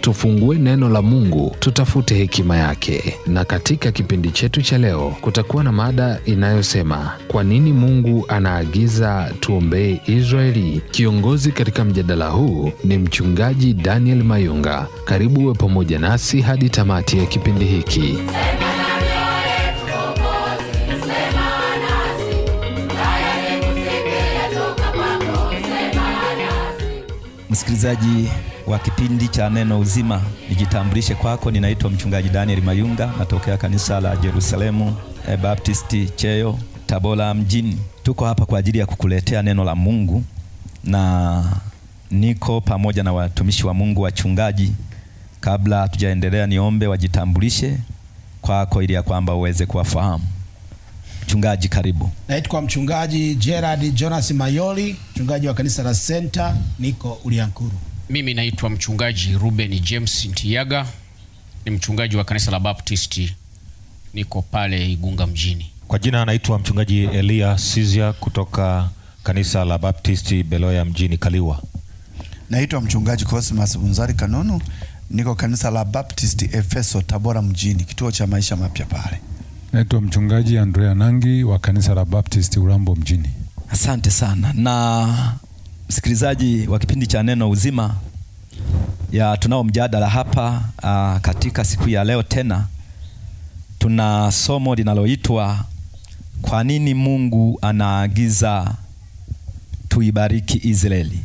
tufungue neno la Mungu, tutafute hekima yake. Na katika kipindi chetu cha leo kutakuwa na mada inayosema kwa nini Mungu anaagiza tuombee Israeli. Kiongozi katika mjadala huu ni mchungaji Daniel Mayunga. Karibu uwe pamoja nasi hadi tamati ya kipindi hiki. msikilizaji wa kipindi cha Neno Uzima, nijitambulishe kwako. Ninaitwa Mchungaji Daniel Mayunga, natokea kanisa la Jerusalemu eh, Baptisti Cheyo, Tabora mjini. Tuko hapa kwa ajili ya kukuletea neno la Mungu na niko pamoja na watumishi wa Mungu wachungaji. Kabla hatujaendelea, niombe wajitambulishe kwako ili ya kwamba uweze kuwafahamu. Mchungaji, karibu. Naitwa mchungaji Gerard Jonas Mayoli, mchungaji wa kanisa la Senta, niko Uliankuru. Mimi naitwa mchungaji Ruben James Ntiyaga, ni mchungaji wa kanisa la Baptisti, niko pale Igunga mjini. Kwa jina anaitwa mchungaji Elia Sizia kutoka kanisa la Baptisti Beloya mjini Kaliwa. Naitwa mchungaji Cosmas Bunzari Kanunu, niko kanisa la Baptisti Efeso Tabora mjini, kituo cha maisha mapya pale. Naitwa mchungaji Andrea Nangi wa kanisa la Baptist Urambo mjini. Asante sana. Na msikilizaji wa kipindi cha Neno Uzima ya tunao mjadala hapa a, ah, katika siku ya leo tena tuna somo linaloitwa kwa nini Mungu anaagiza tuibariki Israeli?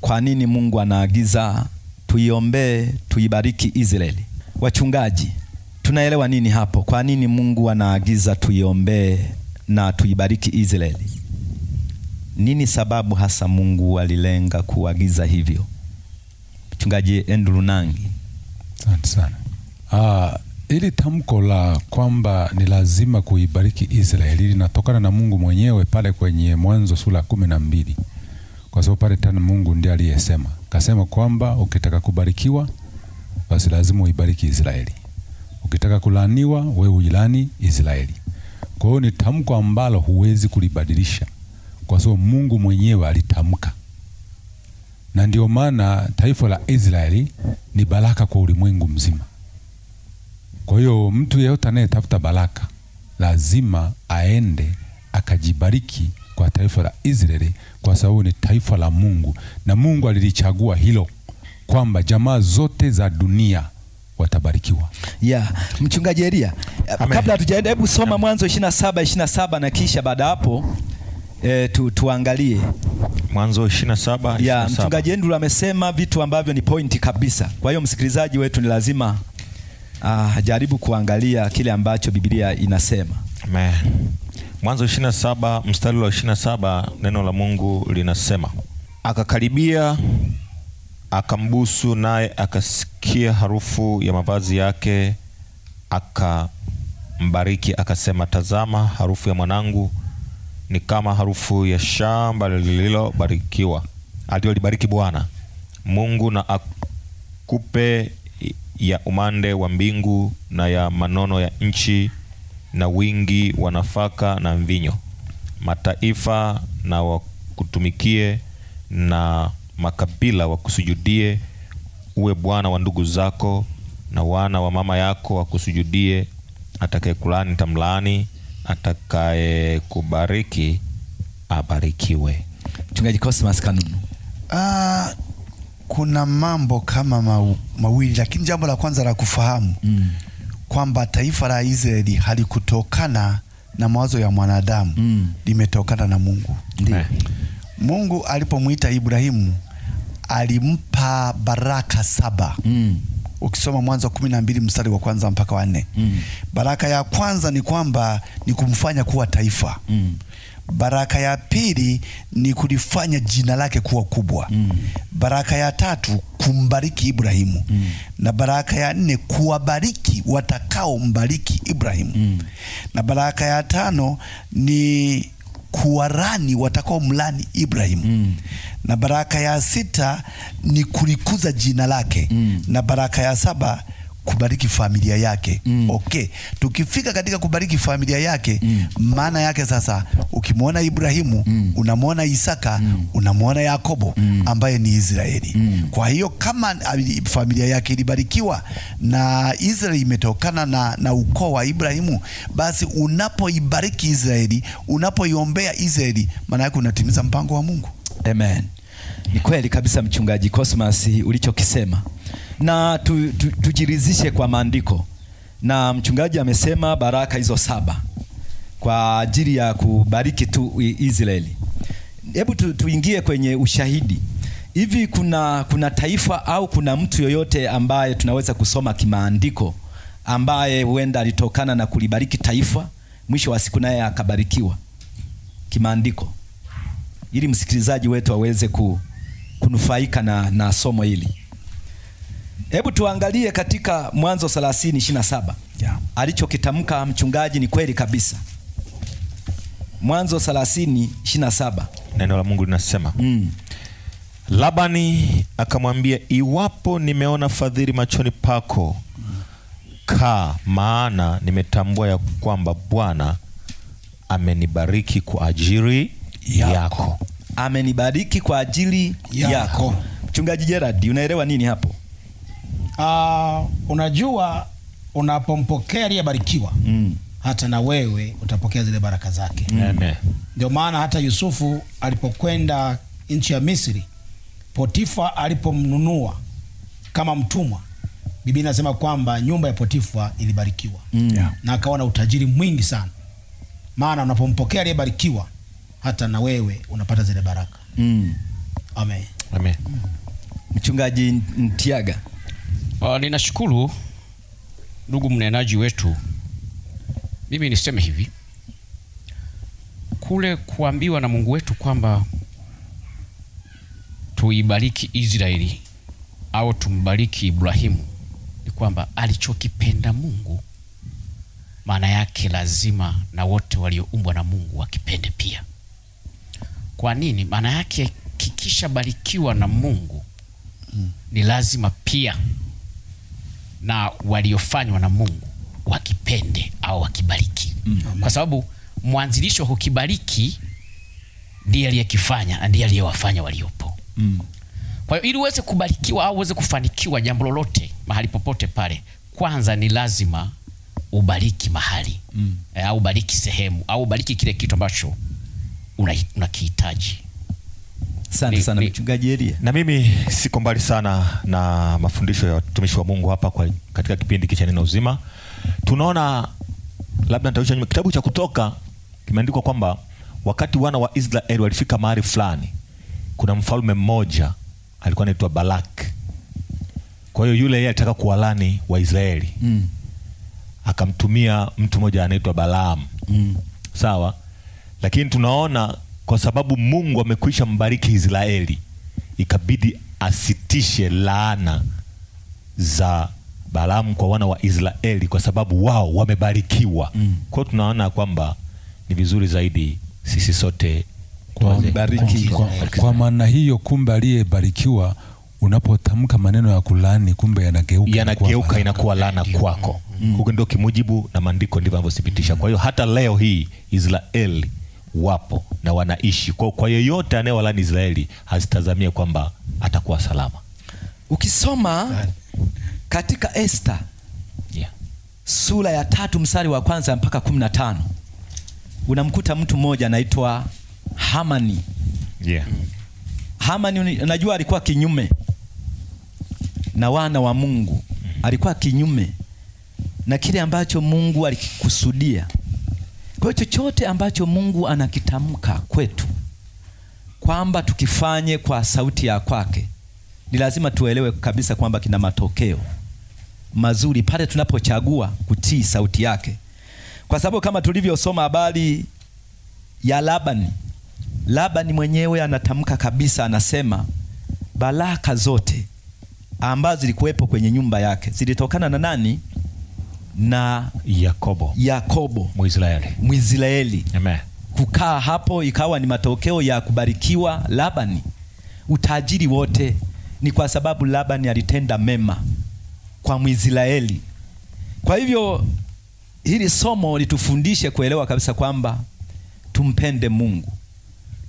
Kwa nini Mungu anaagiza tuiombee tuibariki Israeli? Wachungaji Tunaelewa nini hapo? Kwa nini Mungu anaagiza tuiombee na tuibariki Israeli? Nini sababu hasa Mungu alilenga kuagiza hivyo? Mchungaji Andrew Nangi. Asante sana. Ah, ili tamko la kwamba ni lazima kuibariki Israeli linatokana na Mungu mwenyewe pale kwenye Mwanzo sura kumi na mbili kwa sababu pale tena Mungu ndiye aliyesema, kasema kwamba ukitaka kubarikiwa basi lazima uibariki Israeli. Ukitaka kulaaniwa wewe ujilani Israeli. Kwa hiyo ni tamko ambalo huwezi kulibadilisha, kwa sababu Mungu mwenyewe alitamka, na ndio maana taifa la Israeli ni baraka kwa ulimwengu mzima. Kwa hiyo mtu yeyote anayetafuta baraka lazima aende akajibariki kwa taifa la Israeli, kwa sababu ni taifa la Mungu na Mungu alilichagua hilo, kwamba jamaa zote za dunia watabarikiwa. Yeah, mchungaji Elia, kabla hatujaenda, hebu soma Mwanzo 27 27 na kisha baada hapo e, tu, tuangalie Mwanzo 27 yeah. Mchungaji Endulu amesema vitu ambavyo ni pointi kabisa, kwa hiyo msikilizaji wetu ni lazima uh, jaribu kuangalia kile ambacho Biblia inasema Amen. Mwanzo 27 mstari wa 27 neno la Mungu linasema akakaribia akambusu, naye akasikia harufu ya mavazi yake, akambariki akasema, tazama, harufu ya mwanangu ni kama harufu ya shamba lililobarikiwa aliyolibariki Bwana Mungu. Na akupe ya umande wa mbingu na ya manono ya nchi na wingi wa nafaka na mvinyo. Mataifa na wakutumikie na makabila wakusujudie, uwe bwana wa ndugu zako na wana wa mama yako wakusujudie. tamlani, atakaye kubariki abarikiwe. Mchungaji Cosmas Kanunu. uh, kuna mambo kama mau, mawili, lakini jambo la kwanza la kufahamu mm. kwamba taifa la Israeli halikutokana na mawazo ya mwanadamu mm. limetokana na Mungu. Ndiyo. Mungu alipomwita Ibrahimu alimpa baraka saba mm. Ukisoma Mwanzo wa kumi na mbili mstari wa kwanza mpaka wa nne mm. Baraka ya kwanza ni kwamba ni kumfanya kuwa taifa mm. Baraka ya pili ni kulifanya jina lake kuwa kubwa mm. Baraka ya tatu kumbariki Ibrahimu mm. na baraka ya nne kuwabariki watakao mbariki Ibrahimu mm. na baraka ya tano ni kuwarani watakao mlani Ibrahimu mm. na baraka ya sita ni kulikuza jina lake mm. na baraka ya saba kubariki familia yake mm. Okay, tukifika katika kubariki familia yake mm. maana yake sasa, ukimwona Ibrahimu mm. unamwona Isaka mm. unamwona Yakobo mm. ambaye ni Israeli mm. Kwa hiyo kama ah, familia yake ilibarikiwa na Israeli imetokana na, na ukoo wa Ibrahimu, basi unapoibariki Israeli, unapoiombea Israeli, maana yake unatimiza mpango wa Mungu. Amen. Ni kweli kabisa Mchungaji Cosmas ulichokisema na tu, tu, tujirizishe kwa maandiko, na mchungaji amesema baraka hizo saba kwa ajili ya kubariki tu Israeli. Hebu tu, tuingie kwenye ushahidi. Hivi kuna, kuna taifa au kuna mtu yoyote ambaye tunaweza kusoma kimaandiko ambaye huenda alitokana na kulibariki taifa mwisho wa siku naye akabarikiwa kimaandiko, ili msikilizaji wetu aweze ku, kunufaika na, na somo hili. Hebu tuangalie katika Mwanzo 30:27. Yeah. Alichokitamka mchungaji ni kweli kabisa. Mwanzo 30:27. Neno la Mungu linasema mm. Labani akamwambia, iwapo nimeona fadhili machoni pako, kaa, maana nimetambua ya kwamba Bwana amenibariki kwa ajili yako, yako. Amenibariki kwa ajili yako. yako. Mchungaji Gerard, unaelewa nini hapo? uh, unajua unapompokea aliyebarikiwa mm. hata na wewe utapokea zile baraka zake mm. Ndio maana hata Yusufu alipokwenda nchi ya Misri, Potifa alipomnunua kama mtumwa, bibi inasema kwamba nyumba ya Potifa ilibarikiwa mm. na akawa na utajiri mwingi sana. Maana unapompokea aliyebarikiwa hata na wewe unapata zile baraka mm. Amen. Amen. Mchungaji Ntiaga Uh, ninashukuru ndugu mnenaji wetu. Mimi niseme hivi, kule kuambiwa na Mungu wetu kwamba tuibariki Israeli au tumbariki Ibrahimu ni kwamba alichokipenda Mungu, maana yake lazima na wote walioumbwa na Mungu wakipende pia. Kwa nini? Maana yake kikishabarikiwa na Mungu hmm. ni lazima pia na waliofanywa na Mungu wakipende au wakibariki mm. Kwa sababu mwanzilishi wa kukibariki ndiye aliyekifanya, ndiye aliyewafanya waliopo mm. Kwa hiyo ili uweze kubarikiwa au uweze kufanikiwa jambo lolote mahali popote pale, kwanza ni lazima ubariki mahali mm. E, au ubariki sehemu au ubariki kile kitu ambacho unakihitaji una Asante sana mchungaji Elia. Na mimi siko mbali sana na mafundisho ya watumishi wa Mungu hapa kwa, katika kipindi kicha neno uzima tunaona, labda nitarusha nyuma, kitabu cha Kutoka kimeandikwa kwamba wakati wana wa Israeli walifika mahali fulani, kuna mfalme mmoja alikuwa anaitwa Balak. Kwa hiyo yule yeye alitaka kuwalani Waisraeli mm. akamtumia mtu mmoja anaitwa Balaam mm. sawa, lakini tunaona kwa sababu Mungu amekwisha mbariki Israeli, ikabidi asitishe laana za Balaamu kwa wana wa Israeli kwa sababu wao wamebarikiwa. Mm. Kwa hiyo tunaona kwamba ni vizuri zaidi sisi sote kwa, kwa, kwa maana hiyo, kumbe aliyebarikiwa, unapotamka maneno ya kulaani, kumbe yanageuka yanageuka, inakuwa laana mm. kwako. Mm. Huko ndio kimujibu na maandiko ndivyo anavyothibitisha. Mm. Kwa hiyo hata leo hii Israeli wapo na wanaishi kwa, Kwa yeyote anayewalani Israeli hazitazamia kwamba atakuwa salama. Ukisoma katika Esta yeah. sura ya tatu mstari wa kwanza mpaka kumi na tano unamkuta mtu mmoja anaitwa Hamani yeah. Hamani unajua alikuwa kinyume na wana wa Mungu, mm-hmm. alikuwa kinyume na kile ambacho Mungu alikusudia kwa chochote ambacho Mungu anakitamka kwetu kwamba tukifanye kwa sauti ya kwake, ni lazima tuelewe kabisa kwamba kina matokeo mazuri pale tunapochagua kutii sauti yake, kwa sababu kama tulivyosoma habari ya Labani, Labani mwenyewe anatamka kabisa, anasema baraka zote ambazo zilikuwepo kwenye nyumba yake zilitokana na nani? na Yakobo, Yakobo Mwisraeli, Mwisraeli. Amen. Kukaa hapo ikawa ni matokeo ya kubarikiwa Labani. Utajiri wote ni kwa sababu Labani alitenda mema kwa Mwisraeli. Kwa hivyo hili somo litufundishe kuelewa kabisa kwamba tumpende Mungu,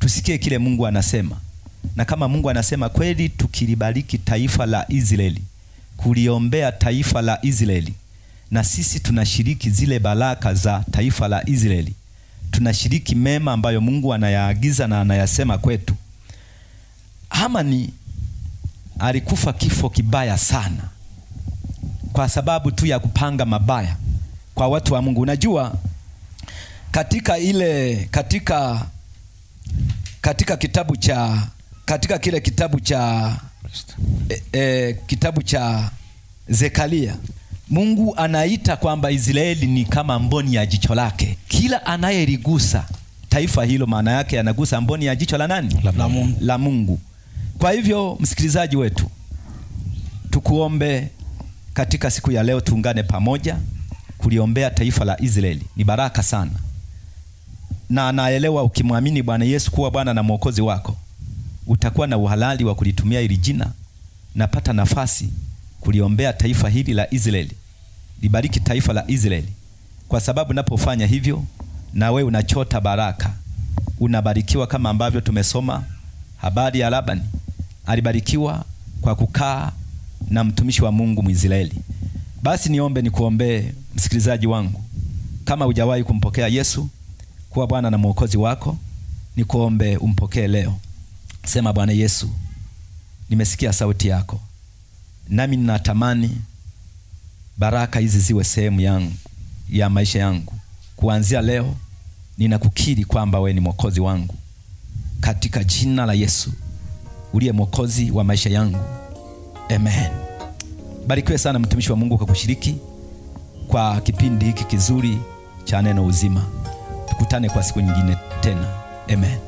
tusikie kile Mungu anasema, na kama Mungu anasema kweli, tukilibariki taifa la Israeli, kuliombea taifa la Israeli na sisi tunashiriki zile baraka za taifa la Israeli, tunashiriki mema ambayo Mungu anayaagiza na anayasema kwetu. Hamani alikufa kifo kibaya sana kwa sababu tu ya kupanga mabaya kwa watu wa Mungu. Unajua, katika ile katika katika kitabu cha katika kile kitabu cha e, e, kitabu cha Zekaria Mungu anaita kwamba Israeli ni kama mboni ya jicho lake. Kila anayeligusa taifa hilo, maana yake anagusa mboni ya jicho la nani? La, la, Mungu. La Mungu. Kwa hivyo msikilizaji wetu, tukuombe katika siku ya leo, tuungane pamoja kuliombea taifa la Israeli. Ni baraka sana, na naelewa ukimwamini Bwana Yesu kuwa Bwana na Mwokozi wako utakuwa na uhalali wa kulitumia hili jina. Napata nafasi kuliombea taifa hili la Israeli. Libariki taifa la Israeli, kwa sababu napofanya hivyo, na we unachota baraka, unabarikiwa kama ambavyo tumesoma habari ya Labani. Alibarikiwa kwa kukaa na mtumishi wa Mungu Mwisraeli. Basi niombe nikuombee, msikilizaji wangu, kama hujawahi kumpokea Yesu kuwa Bwana na Mwokozi wako, nikuombe umpokee leo. Sema, Bwana Yesu, nimesikia sauti yako nami ninatamani baraka hizi ziwe sehemu yangu ya maisha yangu. Kuanzia leo ninakukiri kwamba wewe ni mwokozi wangu katika jina la Yesu uliye mwokozi wa maisha yangu, amen. Barikiwe sana mtumishi wa Mungu kwa kushiriki kwa kipindi hiki kizuri cha neno uzima. Tukutane kwa siku nyingine tena, amen.